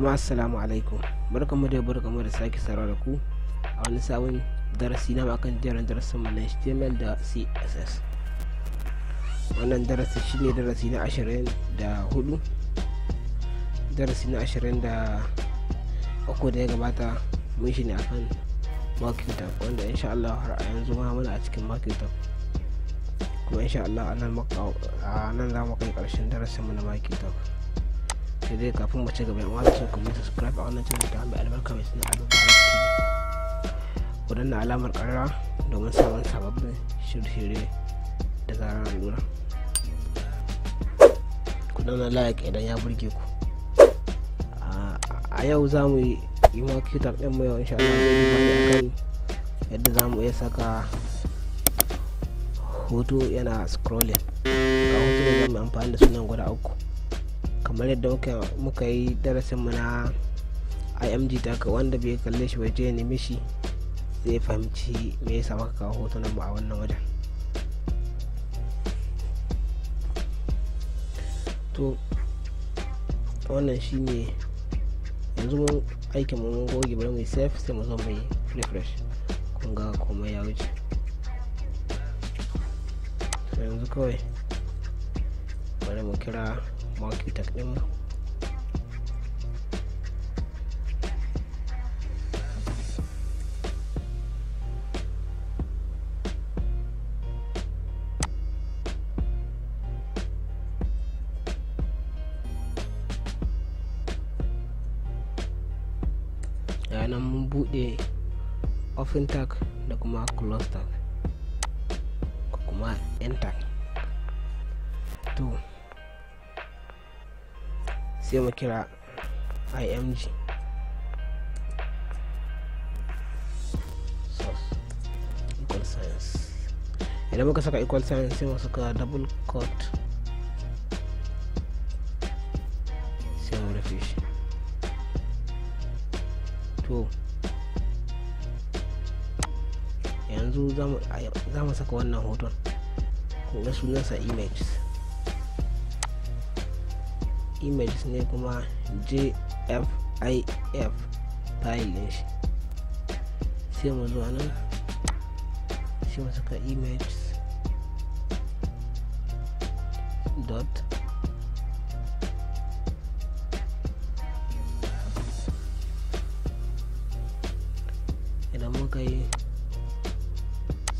jama'a assalamu alaikum barkamu da barkamu da sake sarwa da ku a wani sabon darasi na akan jerin darasin na html da css wannan darasi shine darasi na ashirin da hudu darasi na ashirin da uku da ya gabata mun shi ne akan tab wanda insha Allah har a yanzu ma muna a cikin tab kuma insha Allah a nan za mu kai karshen darasin mu na tab shi zai kafin mu ci gaba yan wasu ku yi subscribe a wannan channel ta mai albarka mai suna alamar karara domin sabon sababbin shirye-shirye da zarar rayuwa ku danna like idan ya burge ku a yau za mu yi makitar ɗin mu yau insha Allah yadda za mu iya saka hoto yana scrolling ga hoto da zama amfani da sunan guda uku kamar yadda muka yi darasin mu na img taka wanda bai kalle shi waje ya nemi shi zai fahimci me yasa maka kawo hotunan mu a wannan wajen to wannan shine yanzu mun aikin mu mun goge bari mu safe sai mu zo mu yi refresh kun ga komai ya wuce yanzu kawai bari mu kira multi tag mu nan mun bude open tag da kuma close tag ko kuma end tag to sai mu kira img equal science idan muka saka equal science sai mu saka double quote sai mu rufe shi to yanzu za mu saka wannan hoton kuma sunansa images image ne kuma jfif file din shi sai mu image nan sai mu saka emails dot idan muka yi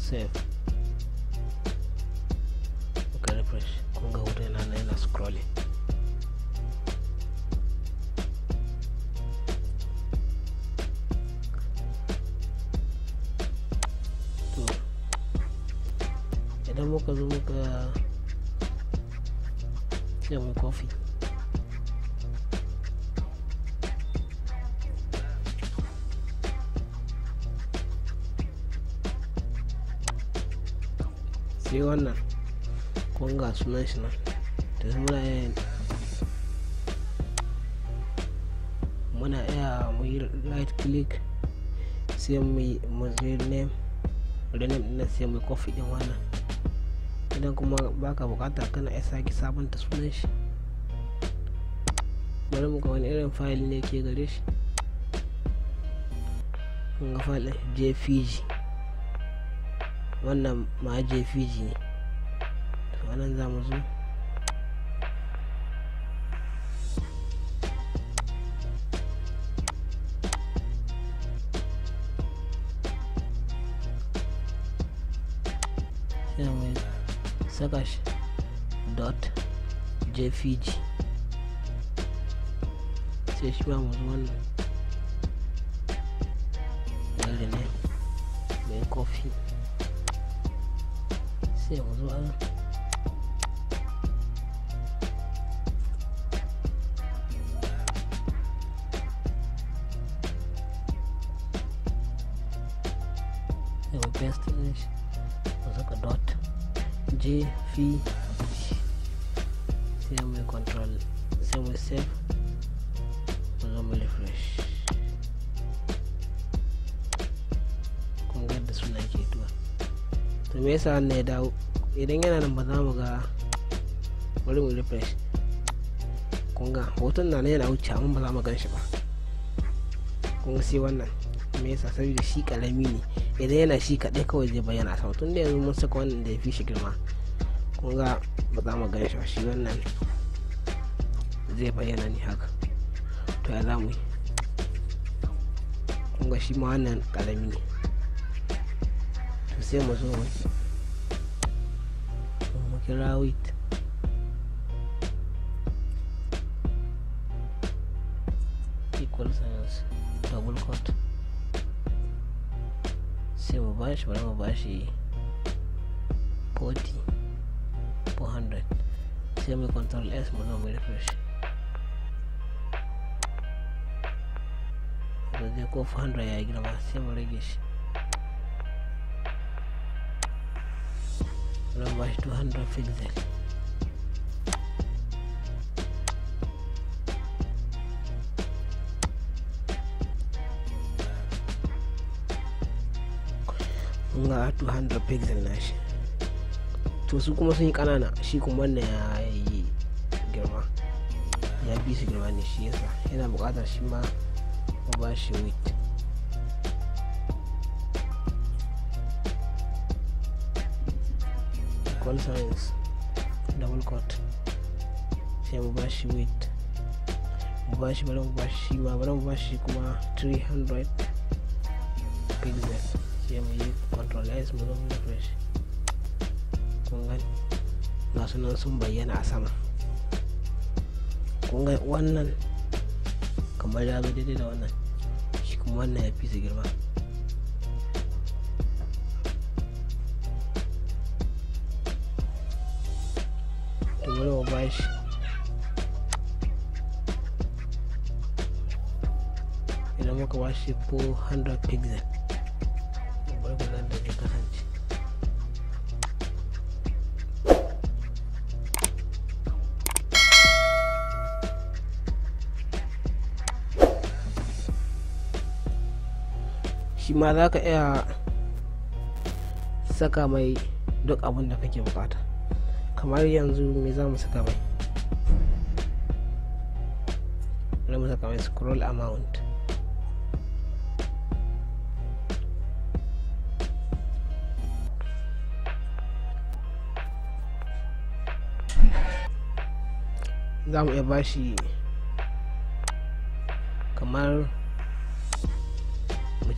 save muka refresh kun na na scrolling idan muka zo muka yawan kofi sai wannan kun ga sunan shi nan da muna yin muna iya mu yi right click sai mu yi rename rename ɗin sai mu kofi din wannan idan kuma baka bukata kana ya sake sabunta sunan shi bari mu ga wani irin fayil ne ke gare shi kun ga fayil jpg wannan ma jpg ne to anan za mu zo dot jfig Seshbam was one well the name then coffee best was like a dot jfig sai mu control sai mu save mu zo mu refresh kun ga da suna ke duwa to me yasa wannan ya dawo idan yana nan ba za mu ga bari mu refresh kun ga hoton na yana wuce amma ba za mu ganshi ba kun ga sai wannan me yasa saboda shi karami ne idan yana shi kaɗai kawai zai bayyana sa tun da yanzu mun saka wannan da ya fi shi girma Kunga ba za mu gan shi shi wannan zai bayyana ne haka to ya za mu yi kunga shi ma wannan karami ne to sai mu zo mu kira wit equal science double cut sai mu shi, bari mu bashi 40 400 semi control S monomer fish kuanzia go 400 ya grama semi rejeshi namba 200 filzel nga 200 pixels nashi to su kuma sun yi kanana shi kuma wannan ya yi girma ya bi su girma ne shi yasa yana bukatar shi ma mu ba shi wit call science double cut sai mu ba shi wit mu ba shi bari mu ba shi ma bari mu ba shi kuma 300 pixel sai mu yi control s mu zo mu refresh kun gani ga sunan sun bayyana a sama kun ga wannan kamar ya zo daidai da wannan shi kuma wannan ya fi su girma mu bashi idan muka bashi 400 pixel shi ma za ka iya saka mai duk abin da kake bukata kamar yanzu me za mu saka mai saka mai scroll amount za mu iya bashi kamar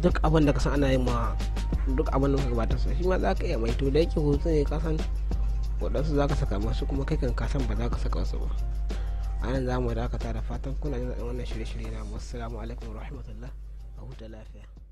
duk abin da ka ana yi ma duk abin da ka gabatar shi ma za ka iya mai to da yake hutu ne kasan waɗansu za ka saka masu kuma kai kan kasan ba za ka saka su ba a za mu dakata da fatan kuna jin wannan shirye-shirye na salamu alaikum wa rahmatullah a huta lafiya